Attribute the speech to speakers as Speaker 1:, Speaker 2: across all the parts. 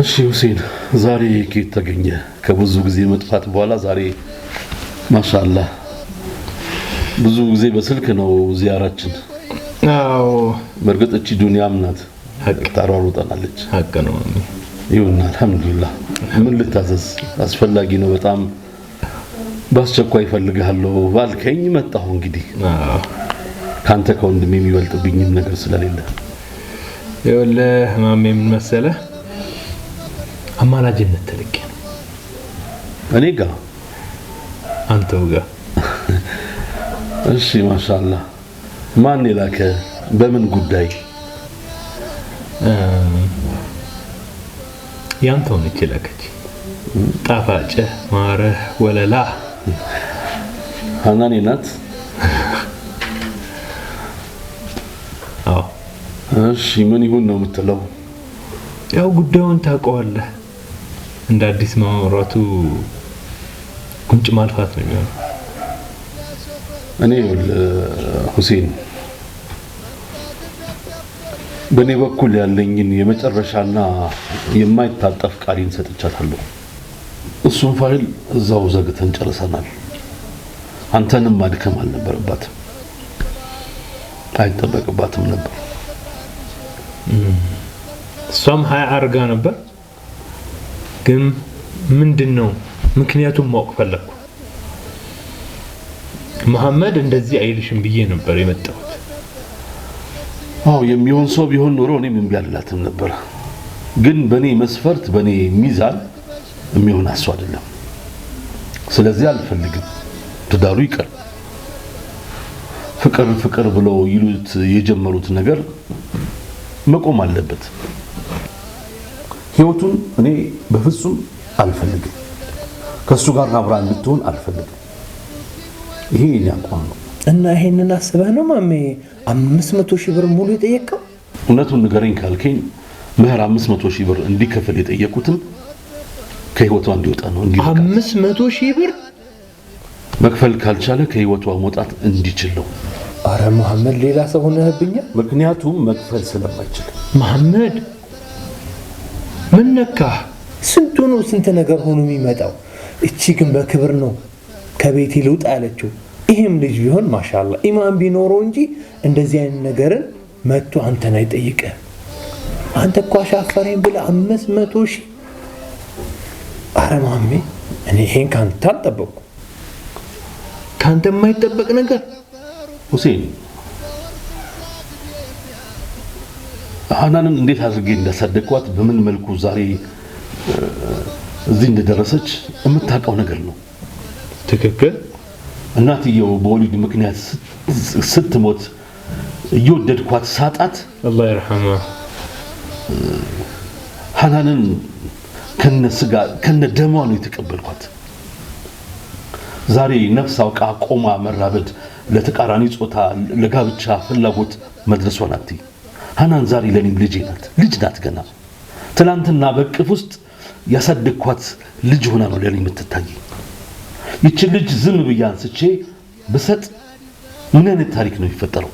Speaker 1: እሺ ሁሴን ዛሬ ከየት ተገኘ? ከብዙ ጊዜ መጥፋት በኋላ ዛሬ ማሻላ ብዙ ጊዜ በስልክ ነው ዚያራችን። አዎ በእርግጥ እቺ ዱንያም ናት ታሯሩጠናለች። ሀቅ ነው። ይሁን አልሐምዱሊላህ። ምን ልታዘዝ? አስፈላጊ ነው በጣም በአስቸኳይ እፈልግሃለሁ ባልከኝ መጣሁ። እንግዲህ ካንተ ከወንድሜ የሚበልጥብኝም ነገር ስለሌለ
Speaker 2: ይኸውልህ ህማሜ ምን መሰለህ አማላጅነት ተልቄ ነው። እኔ ጋ አንተው ጋ።
Speaker 1: እሺ ማሻአላ። ማን የላከ? በምን ጉዳይ?
Speaker 2: ያንተው ነች የላከች። ጣፋጭ ማረህ ወለላ
Speaker 1: ሀናኔ ናት። እሺ ምን ይሁን ነው የምትለው?
Speaker 2: ያው ጉዳዩን ታውቀዋለህ። እንደ አዲስ ማውራቱ ጉንጭ ማልፋት ነው የሚሆነው።
Speaker 1: እኔ ሁሴን በእኔ በኩል ያለኝን የመጨረሻና የማይታጠፍ ቃሌን ሰጥቻታለሁ። እሱን ፋይል እዛው ዘግተን ጨርሰናል። አንተንም ማድከም አልነበረባትም፣ አይጠበቅባትም ነበር።
Speaker 2: እሷም ሀያ አርጋ ነበር ግን ምንድን ነው ምክንያቱም ማወቅ ፈለግኩ። መሐመድ እንደዚህ አይልሽም ብዬ ነበር የመጣሁት።
Speaker 1: አዎ የሚሆን ሰው ቢሆን ኖሮ እኔም እምቢ አልላትም ነበር። ግን በኔ መስፈርት በኔ ሚዛን የሚሆን አሱ አይደለም። ስለዚህ አልፈልግም። ትዳሩ ይቀር። ፍቅር ፍቅር ብለው ይሉት የጀመሩት ነገር መቆም አለበት። ህይወቱን እኔ በፍጹም አልፈልግም። ከእሱ ጋር አብራ እንድትሆን አልፈልግም። ይሄ የእኔ አቋም ነው
Speaker 2: እና ይሄንን አስበህ ነው ማሜ አምስት መቶ ሺህ ብር ሙሉ የጠየቀው?
Speaker 1: እውነቱን ንገረኝ ካልከኝ ምህር አምስት መቶ ሺህ ብር እንዲከፈል የጠየቁትም ከህይወቷ እንዲወጣ ነው።
Speaker 2: አምስት መቶ ሺህ ብር
Speaker 1: መክፈል ካልቻለ ከህይወቷ መውጣት እንዲችል ነው።
Speaker 2: አረ መሐመድ ሌላ ሰው ሆነህብኛ።
Speaker 1: ምክንያቱም መክፈል ስለማይችል
Speaker 2: መሐመድ ምን ነካህ? ስንቱ ነው ስንት ነገር ሆኖ የሚመጣው። እቺ ግን በክብር ነው ከቤቴ ልውጥ አለችው። ይህም ልጅ ቢሆን ማሻላ ኢማን ቢኖረው እንጂ እንደዚህ አይነት ነገርን መጥቶ አንተን አይጠይቅህም። አንተ እኮ አሻፈረኝ ብለ አምስት መቶ ሺህ አረማሜ እኔ ይሄን ካንተ አልጠበቅኩም። ካንተ የማይጠበቅ ነገር
Speaker 1: ሁሴን ሀናንን እንዴት አድርጌ እንዳሳደግኳት በምን መልኩ ዛሬ እዚህ እንደደረሰች የምታውቀው ነገር ነው። ትክክል። እናትየው በወሊድ ምክንያት ስትሞት እየወደድኳት ሳጣት አላህ ይርሐማ ሀናንን ከነ ስጋ ከነ ደሟ ነው የተቀበልኳት። ዛሬ ነፍስ አውቃ ቆማ መራበድ፣ ለተቃራኒ ጾታ ለጋብቻ ፍላጎት መድረሷን አትይ ሀናን ዛሬ ለኔም ልጅ ናት። ልጅ ናት ገና ትናንትና በቅፍ ውስጥ ያሳደግኳት ልጅ ሆና ነው ለኔ የምትታየኝ። ይቺ ልጅ ዝም ብዬ አንስቼ ብሰጥ ምን አይነት ታሪክ ነው የሚፈጠረው?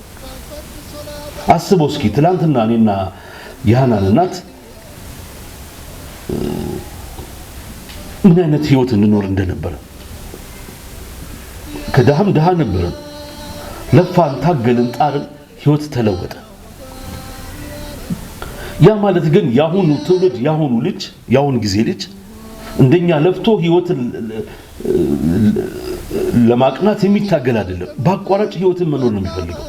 Speaker 1: አስበው እስኪ ትላንትና እኔና የሀናን እናት ምን አይነት ህይወት እንኖር እንደነበረ ከድሃም ድሃ ነበርን። ለፋን፣ ታገልን፣ ጣርን። ህይወት ተለወጠ። ያ ማለት ግን የአሁኑ ትውልድ የአሁኑ ልጅ የአሁኑ ጊዜ ልጅ እንደኛ ለፍቶ ህይወትን ለማቅናት የሚታገል አይደለም። በአቋራጭ ህይወትን መኖር ነው የሚፈልገው።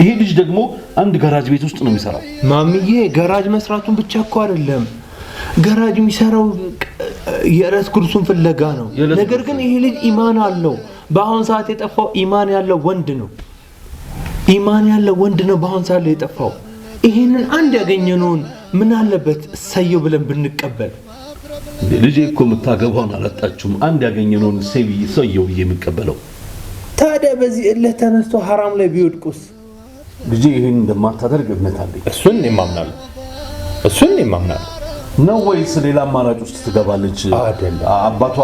Speaker 1: ይሄ ልጅ ደግሞ አንድ ገራጅ ቤት ውስጥ ነው የሚሰራው።
Speaker 2: ማሚዬ ገራጅ መስራቱን ብቻ እኮ አይደለም ገራጅ የሚሰራው የእለት ጉርሱን ፍለጋ ነው። ነገር ግን ይሄ ልጅ ኢማን አለው። በአሁን ሰዓት የጠፋው ኢማን ያለው ወንድ ነው። ኢማን ያለው ወንድ ነው በአሁን ሰዓት ላይ የጠፋው ይህንን አንድ ያገኘነውን ምን አለበት ሰየው ብለን ብንቀበል።
Speaker 1: ልጄ እኮ የምታገባውን አላጣችሁም። አንድ ያገኘነውን ሰየው ብዬ የምቀበለው
Speaker 2: ታዲያ በዚህ እለት ተነስቶ ሐራም ላይ ቢወድቁስ?
Speaker 1: ልጄ ይህን እንደማታደርግ እምነት አለኝ።
Speaker 2: እሱን የማምናለሁ እሱን የማምናለሁ
Speaker 1: ነው ወይስ ሌላ አማራጭ ውስጥ ትገባለች? አባቷ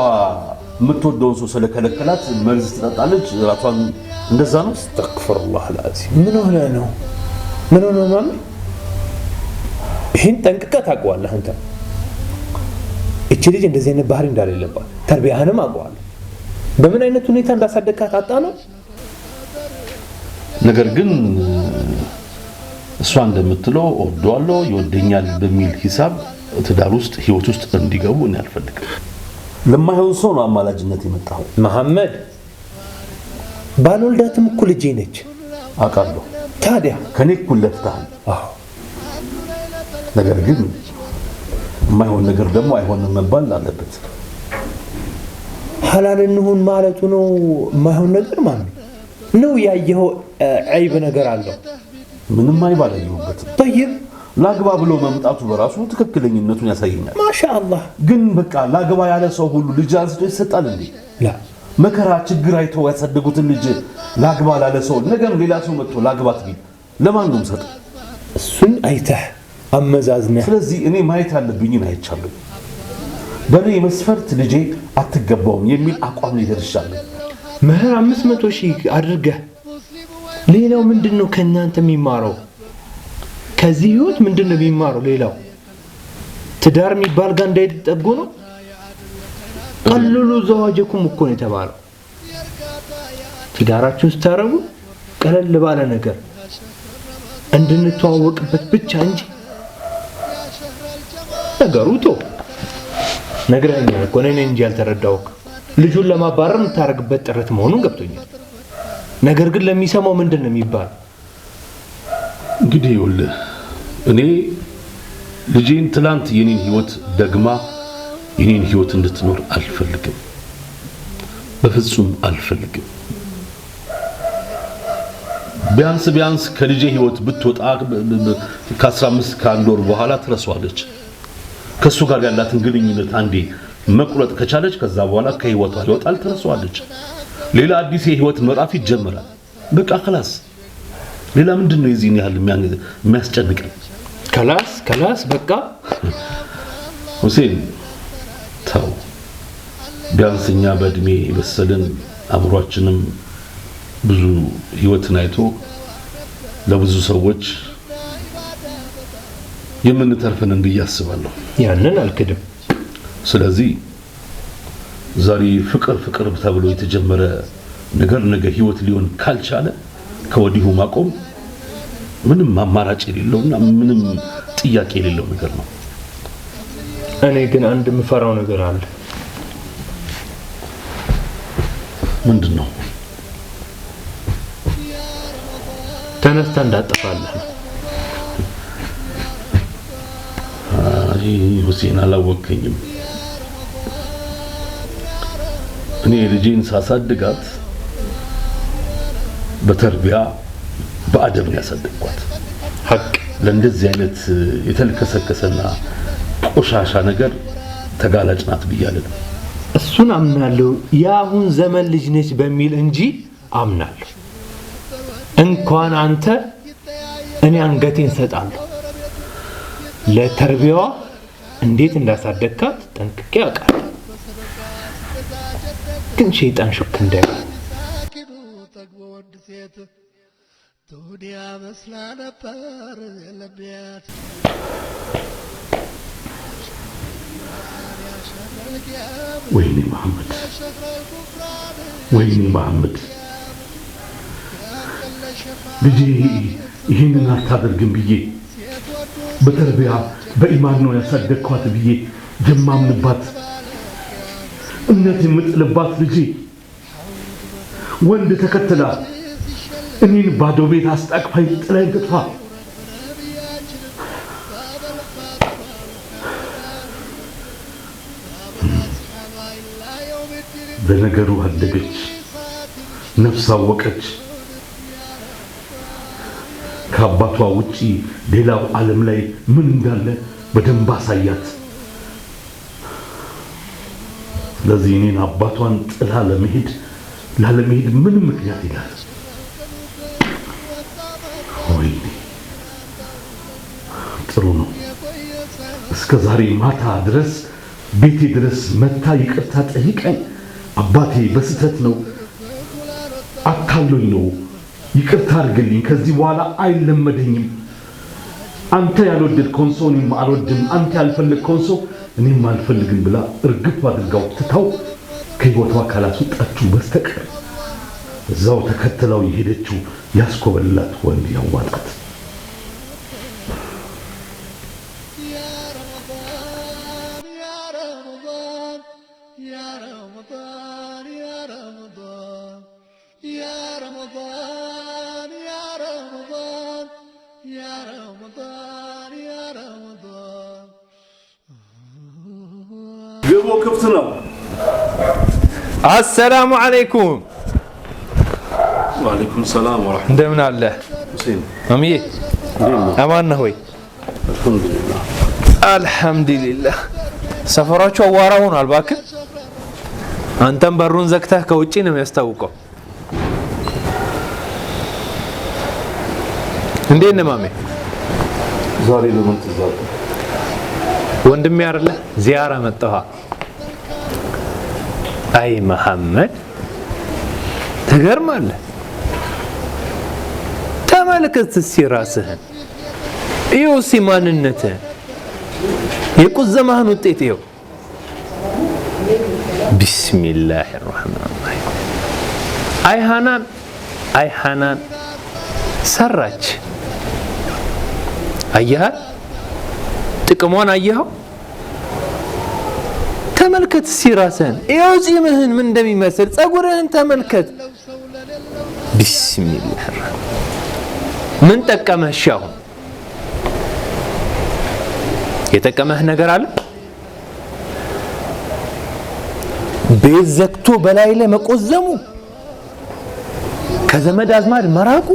Speaker 1: የምትወደውን ሰው ስለከለከላት መርዝ ትጠጣለች ራቷን።
Speaker 2: እንደዛ ነው። አስተግፍሩላህ። ምን ሆነ ነው ምን ሆኖ ምናምን ይህን ጠንቅቀህ ታውቀዋለህ አንተ እቺ ልጅ እንደዚህ አይነት ባህሪ እንዳሌለባት ተርቢያህንም አውቀዋለሁ በምን አይነት ሁኔታ እንዳሳደግካት አጣ ነው
Speaker 1: ነገር ግን እሷ እንደምትለው እወደዋለሁ ይወደኛል በሚል ሂሳብ ትዳር ውስጥ ህይወት ውስጥ እንዲገቡ እኔ አልፈልግም።
Speaker 2: ለማይሆን ሰው ነው አማላጅነት የመጣው መሐመድ። ባልወልዳትም እኮ ልጄ ነች አውቃለሁ። ታዲያ
Speaker 1: ከኔ እኩል ለፍተሃል። ነገር ግን የማይሆን ነገር ደግሞ አይሆንም መባል አለበት።
Speaker 2: ሐላል እንሁን ማለቱ ነው የማይሆን ነገር ማለት ነው። ያየኸው ዐይብ ነገር አለው?
Speaker 1: ምንም ዐይብ አላየሁበትም። ጠይብ ላግባ ብሎ መምጣቱ በራሱ ትክክለኝነቱን ያሳየኛል።
Speaker 2: ማሻአላህ።
Speaker 1: ግን በቃ ላግባ ያለ ሰው ሁሉ ልጅ አንስቶ ይሰጣል እንዴ? መከራ ችግር አይተው ያሳደጉትን ልጅ ላግባ ላለ ሰው ነገም ሌላ ሰው መጥቶ ላግባት ቢል
Speaker 2: ለማን ነው ሰጥ? እሱን አይተህ
Speaker 1: አመዛዝነ። ስለዚህ እኔ ማየት ያለብኝን አይቻለሁ። በእኔ መስፈርት ልጄ አትገባውም የሚል አቋም ላይ ደርሻለሁ።
Speaker 2: መህር አምስት መቶ ሺህ አድርገህ ሌላው ምንድን ነው ከእናንተ የሚማረው? ከዚህ ህይወት ምንድን ነው የሚማረው? ሌላው ትዳር የሚባል ጋር እንዳይጠጉ ነው ቀልሉ ዘዋጀኩም እኮ ነው የተባለው። ትዳራችሁን ስታረጉ ቀለል ባለ ነገር እንድንተዋወቅበት ብቻ እንጂ ነገሩ ቶ ነግረኸኛል እኮ እኔ እንጂ ያልተረዳሁህ ልጁን ለማባረር የምታደርግበት ጥረት መሆኑን ገብቶኛል። ነገር ግን ለሚሰማው ምንድን ነው የሚባል?
Speaker 1: እንግዲህ ይኸውልህ እኔ ልጄን ትላንት የኔን ህይወት ደግማ ይህን ህይወት እንድትኖር አልፈልግም፣ በፍጹም አልፈልግም። ቢያንስ ቢያንስ ከልጄ ህይወት ብትወጣ ከ15 ከአንድ ወር በኋላ ትረሷለች። ከሱ ጋር ያላትን ግንኙነት አንዴ መቁረጥ ከቻለች ከዛ በኋላ ከህይወቷ ይወጣል፣ ትረሷለች። ሌላ አዲስ የህይወት ምዕራፍ ይጀመራል። በቃ ክላስ ሌላ ምንድን ነው የዚህን ያህል የሚያስጨንቀን?
Speaker 2: ከላስ ከላስ በቃ
Speaker 1: ሁሴን ተው። ቢያንስ እኛ በእድሜ የበሰልን አእምሯችንም ብዙ ህይወትን አይቶ ለብዙ ሰዎች የምንተርፍን ብዬ አስባለሁ።
Speaker 2: ያንን አልክድም።
Speaker 1: ስለዚህ ዛሬ ፍቅር ፍቅር ተብሎ የተጀመረ ነገር ነገ ህይወት ሊሆን ካልቻለ ከወዲሁ ማቆም ምንም አማራጭ የሌለውና ምንም ጥያቄ የሌለው ነገር ነው።
Speaker 2: እኔ ግን አንድ የምፈራው ነገር አለ። ምንድን ነው? ተነስታ እንዳጠፋለህ።
Speaker 1: አይ ሁሴን፣ አላወቀኝም። እኔ ልጄን ሳሳድጋት በተርቢያ በአደብ ነው ያሳደግኳት። ሀቅ ለእንደዚህ አይነት የተልከሰከሰና ቆሻሻ ነገር ተጋላጭ ናት ነው።
Speaker 2: እሱን አምናለሁ። የአሁን ዘመን ልጅ ነች በሚል እንጂ አምናለሁ። እንኳን አንተ እኔ አንገቴን ሰጣለሁ። ለተርቢያዋ እንዴት እንዳሳደግካት ጠንቅቄ አውቃለሁ። ግን ሸይጣን ሹክ እንደ ቱዲያ ነበር
Speaker 1: ወይኔ መሐመድ፣ ወይኔ መሐመድ፣ ልጄ ይህንን አታደርግም ብዬ በተርቢያ በኢማን ነው ያሳደግኳት ብዬ የማምንባት እምነት የምጥልባት ልጄ ወንድ ተከትላ እኔን ባዶ ቤት አስጠቅፋኝ ጥላኝ ትጥፋ። በነገሩ አደገች፣ ነፍስ አወቀች። ከአባቷ ውጪ ሌላው ዓለም ላይ ምን እንዳለ በደንብ አሳያት። ስለዚህ እኔን አባቷን ጥላ ለመሄድ ላለመሄድ ምንም ምክንያት ይላል። ወይኔ ጥሩ ነው። እስከ ዛሬ ማታ ድረስ ቤቴ ድረስ መታ ይቅርታ ጠይቀኝ አባቴ በስተት ነው አታሉኝ ነው ይቅርታ አድርግልኝ፣ ከዚህ በኋላ አይለመደኝም። አንተ ያልወደድከውን ሰው እኔም አልወድም፣ አንተ ያልፈለግከውን ሰው እኔም አልፈልግም ብላ እርግፍ አድርጋው ትታው ከህይወቷ ካላስወጣችሁ በስተቀር እዛው ተከትለው የሄደችው ያስኮበልላት ወንድ ያዋጣት
Speaker 2: አሰላሙ አለይኩም
Speaker 1: ወአለይኩም ሰላም ወራህመቱላህ እንደምን አለ ሁሴን
Speaker 2: አማን ነህ ወይ አልሐምዱሊላህ አልሐምዱሊላህ ሰፈራችሁ አዋራ ሆኗል እባክህ አንተም በሩን ዘግተህ ከውጭ ነው የሚያስታውቀው እንዴት ነህ ማሜ
Speaker 1: ዛሬ ለምን ትዛለህ
Speaker 2: ወንድሜ አይደለ ዚያራ መጣሁ አይ መሐመድ ትገርማለህ። ተመልከት እስኪ ራስህን ይኸው እስኪ ማንነትህን የቁዘማህን ውጤት ይኸው። ቢስሚላህ ራህማን ራሂም። አይ ሀናን አይ ሀናን ሰራች። አየህ ጥቅሟን አየኸው። ተመልከት ሲራሰን ይኸው ጺምህን ምን እንደሚመስል ጸጉርህን ተመልከት። ቢስሚላህ ምን ጠቀመህ? አሁን የጠቀመህ ነገር አለ? ቤት ዘግቶ በላይ ላይ መቆዘሙ፣ ከዘመድ አዝማድ መራቁ፣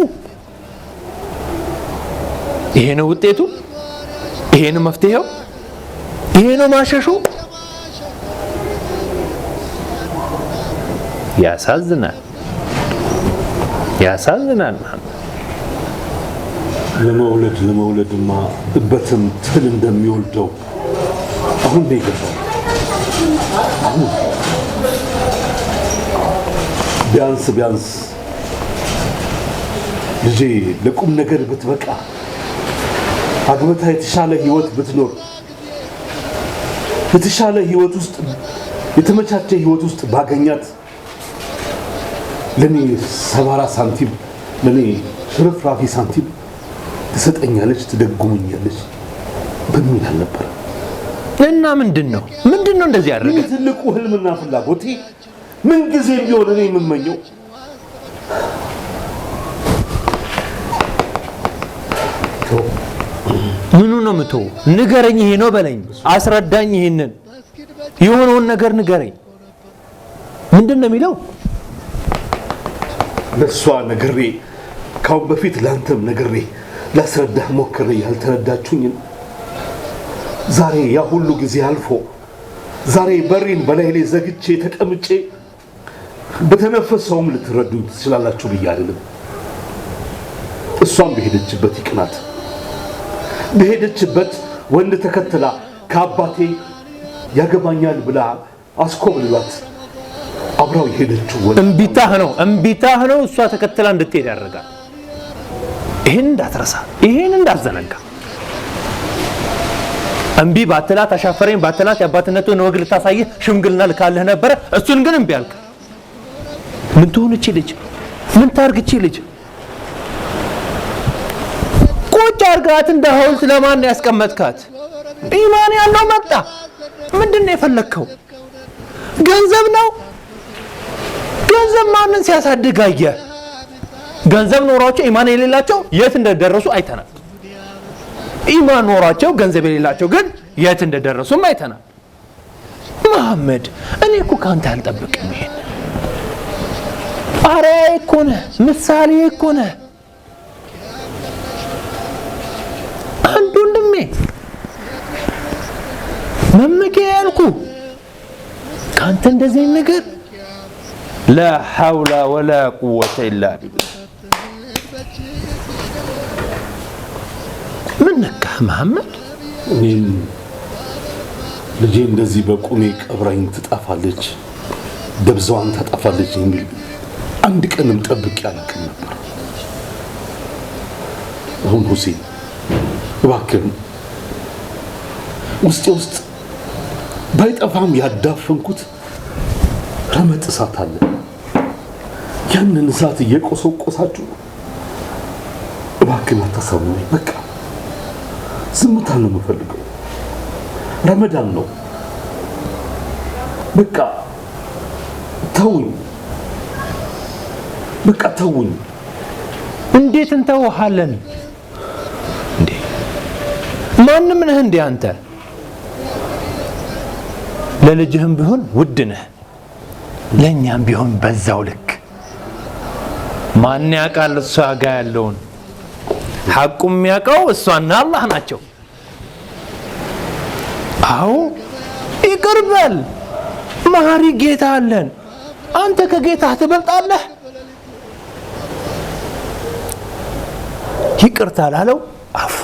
Speaker 2: ይሄ ነው ውጤቱ? ይሄ ነው መፍትሄው? ይሄ ነው ማሸሹ? ያሳዝናል፣ ያሳዝናል።
Speaker 1: ለመውለድ ለመውለድማ እበትም ትል እንደሚወልደው አሁን ነው የገባው። ቢያንስ ቢያንስ ልጄ ለቁም ነገር ብትበቃ አግብታ የተሻለ ህይወት ብትኖር የተሻለ ህይወት ውስጥ የተመቻቸ ህይወት ውስጥ ባገኛት ለኔ ሰባራ ሳንቲም ለኔ ሽርፍራፊ ሳንቲም ትሰጠኛለች፣ ትደጉመኛለች በሚል አልነበረ
Speaker 2: እና ምንድን ነው ምንድን ነው እንደዚህ ያደረገ
Speaker 1: ትልቁ ህልምና ፍላጎቴ ምንጊዜ ቢሆን እኔ የምመኘው
Speaker 2: ምኑ ነው ምቶ ንገረኝ፣ ይሄ ነው በለኝ፣ አስረዳኝ፣ ይሄንን የሆነውን ነገር ንገረኝ። ምንድን ነው የሚለው
Speaker 1: ለእሷ ነግሬ ካሁን በፊት ለአንተም ነግሬ ላስረዳህ ሞክሬ ያልተረዳችሁኝን ዛሬ ያ ሁሉ ጊዜ አልፎ ዛሬ በሬን በላይ ላይ ዘግቼ ተቀምጬ በተነፈሰውም ልትረዱኝ ትችላላችሁ ብዬ አይደለም። እሷም በሄደችበት ይቅናት። በሄደችበት ወንድ ተከትላ ከአባቴ ያገባኛል ብላ አስኮብልሏት
Speaker 2: አብራው የሄደችው እምቢታህ ነው እምቢታህ ነው እሷ ተከትላ እንድትሄድ ያደርጋል። ይህን እንዳትረሳ፣ ይህን እንዳትዘነጋ። እምቢ ባትላት አሻፈረኝ ባትላት የአባትነቱን ወግ ልታሳይህ ሽምግልና ልካልህ ነበረ። እሱን ግን እምቢ አልክ። ምን ትሆን እቺ ልጅ? ምን ታርግ እቺ ልጅ? ቁጭ አርጋት እንደ ሐውልት ለማን ያስቀመጥካት? ኢማን ያለው መጣ። ምንድን ነው የፈለግከው? ገንዘብ ነው ገንዘብ ማንን ሲያሳድግ አየ? ገንዘብ ኖሯቸው ኢማን የሌላቸው የት እንደደረሱ አይተናል። ኢማን ኖሯቸው ገንዘብ የሌላቸው ግን የት እንደደረሱም አይተናል። መሐመድ እኔ እኮ ካንተ አልጠብቅም። ይሄን አርአያ እኮ ነህ፣ ምሳሌ እኮ ነህ። አንድ ወንድሜ መመኪያ ያልኩ ከአንተ እንደዚህ ነገር ላ ሐውላ ወላ ቁወተ ኢላ ቢላህ። ምን ነካህ መሐመድ?
Speaker 1: እኔም ልጄ እንደዚህ በቁሜ ቀብራኝ ትጠፋለች፣ ደብዛዋን ታጠፋለች የሚል አንድ ቀንም ጠብቄ አላውቅም ነበር። አሁን ሁሴን እባክህን ውስጤ ውስጥ ባይጠፋም ያዳፈንኩት ረመጥ እሳት አለ። ያንን እሳት እየቆሰቆሳችሁ እባክን አታሳሙኝ። በቃ ዝምታ ነው የምፈልገው። ረመዳን ነው። በቃ ተውኝ፣ በቃ ተውኝ። እንዴት እንተውሃለን እንዴ? ማንም ነህ እንዴ አንተ? ለልጅህም ቢሆን ውድ ነህ፣ ለእኛም ቢሆን በዛው ልክ ማን ያውቃል እሷ ጋ ያለውን ሐቁ የሚያውቀው እሷና አላህ ናቸው። አዎ ይቅርበል መሀሪ ጌታ አለን። አንተ ከጌታ ትበልጣለህ። ይቅርታ ላለው አፉ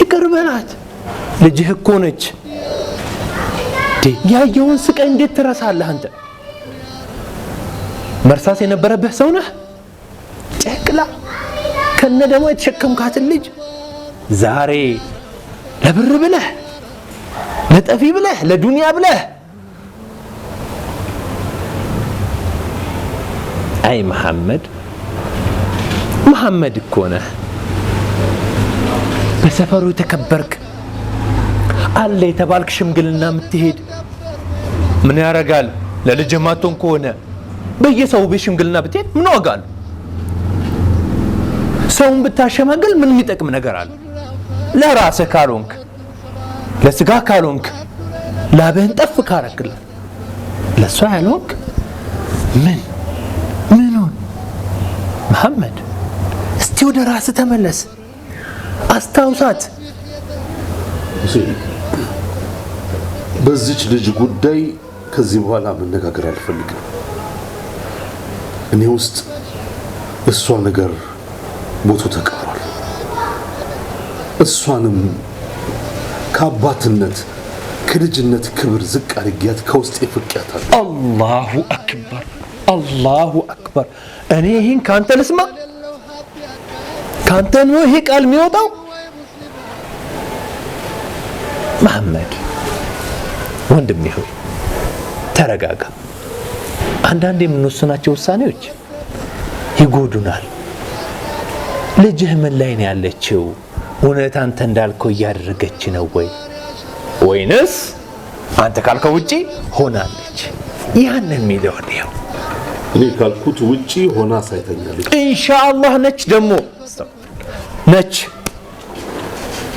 Speaker 1: ይቅርበላት። ልጅህ እኮ ነች። ያየውን ስቃይ እንዴት ትረሳለህ አንተ? መርሳስ የነበረብህ ሰው ነህ። ጨቅላ ከነ ደግሞ የተሸከምካትን ልጅ ዛሬ ለብር ብለህ ለጠፊ ብለህ ለዱንያ ብለህ
Speaker 2: አይ መሐመድ መሐመድ እኮ ነህ። በሰፈሩ የተከበርክ አለ የተባልክ ሽምግልና የምትሄድ ምን ያደርጋል ለልጅ ማቶን ከሆነ በየሰው ቤት ሽምግልና ብትሄድ ምን ዋጋ አለ? ሰውን ብታሸማግል ምን የሚጠቅም ነገር አለ? ለራስህ ካልሆንክ፣ ለስጋ ካልሆንክ፣ ላብህን ጠፍ ካረክል፣ ለእሷ ያልሆንክ ምን ምኑን መሐመድ፣ እስቲ ወደ ራስ ተመለስ፣ አስታውሳት።
Speaker 1: በዚች ልጅ ጉዳይ ከዚህ በኋላ መነጋገር አልፈልግም። እኔ ውስጥ እሷ ነገር ቦቱ ተቀብሯል። እሷንም ከአባትነት ከልጅነት ክብር ዝቅ አድርጊያት ከውስጥ ይፍቅያታል። አላሁ
Speaker 2: አክበር አላሁ አክበር። እኔ ይህን ካንተ ልስማ? ካንተ ነው ይሄ ቃል የሚወጣው? መሐመድ ወንድሜ ሆይ ተረጋጋ። አንዳንድ የምንወስናቸው ውሳኔዎች ይጎዱናል። ልጅህ ምን ላይ ነው ያለችው? እውነት አንተ እንዳልከው እያደረገች ነው ወይ? ወይንስ አንተ ካልከው ውጪ ሆናለች? ያን የሚለው ይኸው
Speaker 1: እኔ ካልኩት ውጪ ሆና ሳይተኛለች
Speaker 2: ኢንሻአላህ ነች፣ ደግሞ ነች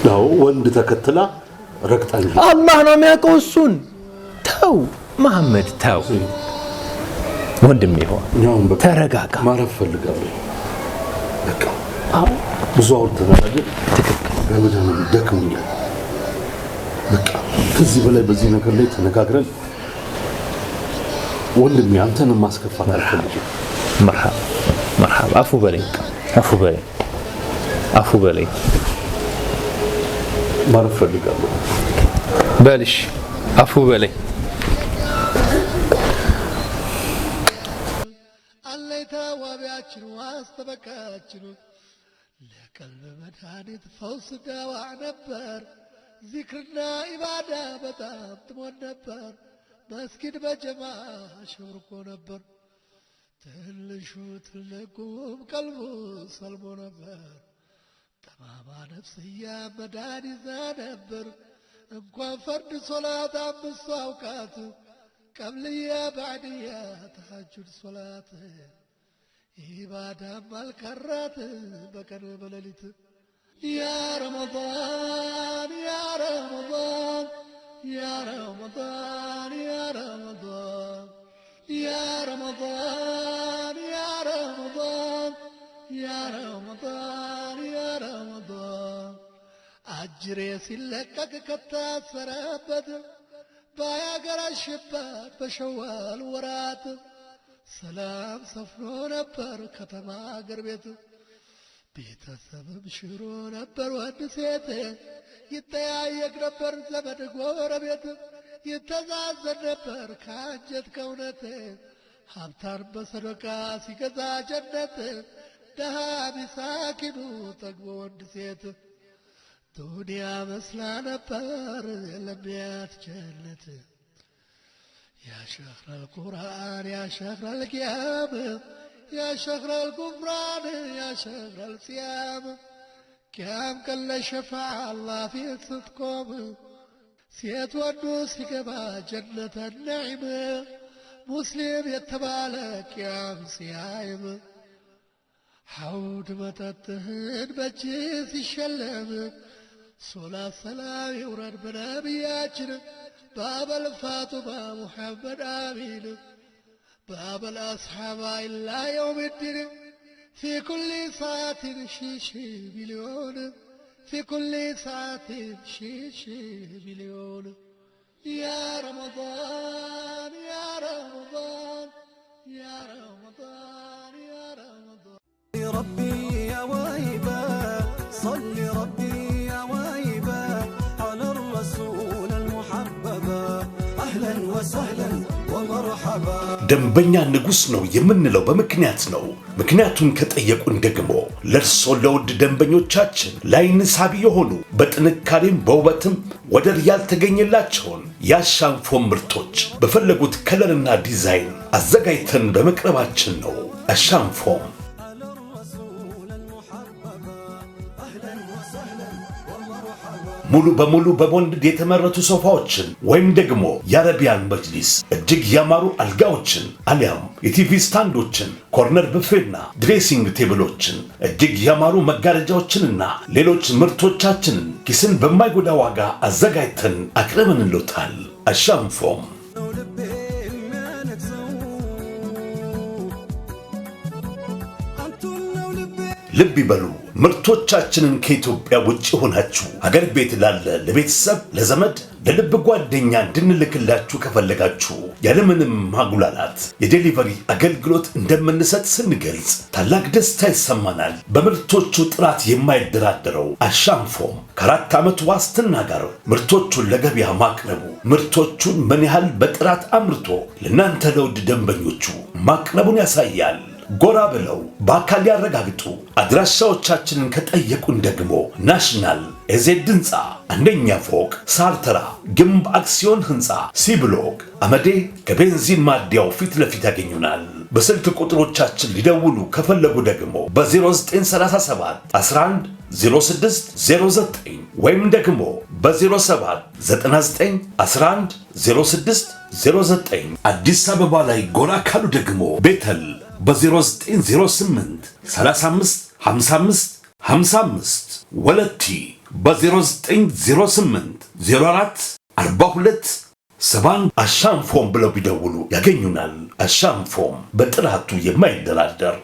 Speaker 1: ነው ወንድ ተከትላ
Speaker 2: ረግጣኝ። አላህ ነው የሚያውቀው እሱን። ተው መሐመድ ተው። ወንድም ይሆን ተረጋጋ።
Speaker 1: ማረፍ ፈልጋለሁ። በቃ ብዙ አውርተናል አይደል? በመድኃኒዓለም ደክሞኛል። በቃ ከዚህ በላይ በዚህ ነገር ላይ ተነጋግረን ወንድሜ አንተን ማስከፋት አልፈልግም።
Speaker 2: መርሐባ መርሐባ። አፉ በለኝ አፉ በለኝ አፉ በለኝ።
Speaker 1: ማረፍ ፈልጋለሁ።
Speaker 2: በልሽ አፉ በለኝ ሲሉት ለቀልብ መድኃኒት ፈውስ ደዋዕ ነበር። ዚክርና ኢባዳ በጣም ጥሞን ነበር። መስጊድ በጀማ አሸብርቆ ነበር። ትንሹ ትልቁም ቀልቡ ሰልሞ ነበር። ጠማማ ነፍስያ መዳን ይዛ ነበር። እንኳን ፈርድ ሶላት አምስቱ አውቃት ቀብልያ ባዕድያ ተሐጁድ ሶላት ኢባዳም አልከራት በቀን በሌሊት ያ ረመዳን ያ ረመዳን ያ ረመዳን ያ ረመዳን ያ ረመዳን ያ ረመዳን ያ ረመዳን ያ ረመዳን አጅሬ ሲለቀቅ ከታሰረበት ባያገራሽባት በሸዋል ወራት ሰላም ሰፍኖ ነበር ከተማ አገር ቤት ቤተሰብም ሽሮ ነበር ወንድ ሴት ይጠያየቅ ነበር ዘመድ ጎረቤት ይተዛዘን ነበር ከአንጀት ከእውነት ሀብታም በሰደቃ ሲገዛ ጀነት ደሃ ሚሳኪኑ ጠግቦ ወንድ ሴት ዱንያ መስላ ነበር ለሚያት ጀነት يا شخر القرآن يا شخر القيام يا شخر الكفران يا شخر الثياب كام كل شفع الله في صدقكم سيت ودوس كما جنة النعيم مسلم يتبالك يا سيايم حود متتهن بجيس الشلم صلاة سلام يورد بنبياتنا باب الفاطمة محمد آمين باب الأصحاب إلا يوم الدين في كل ساعة شي مليون في كل ساعة شي مليون يا رمضان يا رمضان يا رمضان يا رمضان ربي يا وهبة صلي ربي ደንበኛ ንጉስ ነው የምንለው በምክንያት ነው። ምክንያቱን ከጠየቁን ደግሞ ለእርሶ ለውድ ደንበኞቻችን ለአይን ሳቢ የሆኑ በጥንካሬም በውበትም ወደር ያልተገኘላቸውን የአሻንፎ ምርቶች በፈለጉት ከለርና ዲዛይን አዘጋጅተን በመቅረባችን ነው። አሻንፎም ሙሉ በሙሉ በቦንድ የተመረቱ ሶፋዎችን ወይም ደግሞ የአረቢያን መጅሊስ እጅግ ያማሩ አልጋዎችን አሊያም የቲቪ ስታንዶችን፣ ኮርነር ብፌና ድሬሲንግ ቴብሎችን፣ እጅግ ያማሩ መጋረጃዎችንና ሌሎች ምርቶቻችንን ኪስን በማይጎዳ ዋጋ አዘጋጅተን አቅርበን እንሎታል። አሻም ፎም ልብ ይበሉ። ምርቶቻችንን ከኢትዮጵያ ውጭ ሆናችሁ አገር ቤት ላለ ለቤተሰብ፣ ለዘመድ፣ ለልብ ጓደኛ እንድንልክላችሁ ከፈለጋችሁ ያለምንም ማጉላላት የዴሊቨሪ አገልግሎት እንደምንሰጥ ስንገልጽ ታላቅ ደስታ ይሰማናል። በምርቶቹ ጥራት የማይደራደረው አሻንፎም ከአራት ዓመት ዋስትና ጋር ምርቶቹን ለገበያ ማቅረቡ ምርቶቹን ምን ያህል በጥራት አምርቶ ለእናንተ ለውድ ደንበኞቹ ማቅረቡን ያሳያል። ጎራ ብለው በአካል ያረጋግጡ። አድራሻዎቻችንን ከጠየቁን ደግሞ ናሽናል ኤዜድ ህንፃ አንደኛ ፎቅ ሳርተራ ግንብ አክሲዮን ህንፃ ሲብሎክ አመዴ ከቤንዚን ማደያው ፊት ለፊት ያገኙናል። በስልክ ቁጥሮቻችን ሊደውሉ ከፈለጉ ደግሞ በ0937 11 06 09 ወይም ደግሞ በ07 11 06 09 አዲስ አበባ ላይ ጎራ ካሉ ደግሞ ቤተል በ0908 35 55 55 ወለቲ በ0908 04 42 ሰባን አሻንፎም ብለው ቢደውሉ ያገኙናል። አሻንፎም በጥራቱ የማይደራደር